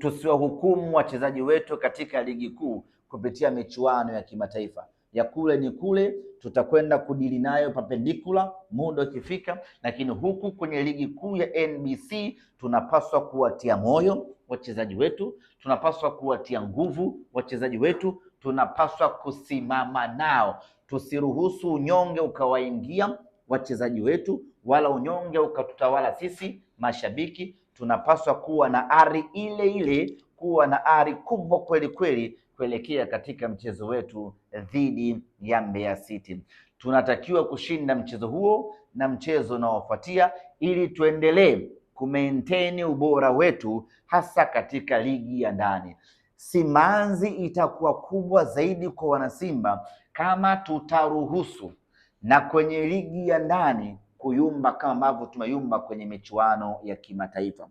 tusiwahukumu wachezaji wetu katika ligi kuu kupitia michuano ya kimataifa ya kule ni kule, tutakwenda kudili nayo papendikula muda ukifika. Lakini huku kwenye ligi kuu ya NBC tunapaswa kuwatia moyo wachezaji wetu, tunapaswa kuwatia nguvu wachezaji wetu, tunapaswa kusimama nao, tusiruhusu unyonge ukawaingia wachezaji wetu, wala unyonge ukatutawala sisi mashabiki. Tunapaswa kuwa na ari ile ile, kuwa na ari kubwa kweli kweli kuelekea katika mchezo wetu dhidi ya Mbeya City. Tunatakiwa kushinda mchezo huo na mchezo unaofuatia ili tuendelee kumaintain ubora wetu hasa katika ligi ya ndani. Simanzi itakuwa kubwa zaidi kwa wanasimba kama tutaruhusu na kwenye ligi ya ndani kuyumba kama ambavyo tumeyumba kwenye michuano ya kimataifa.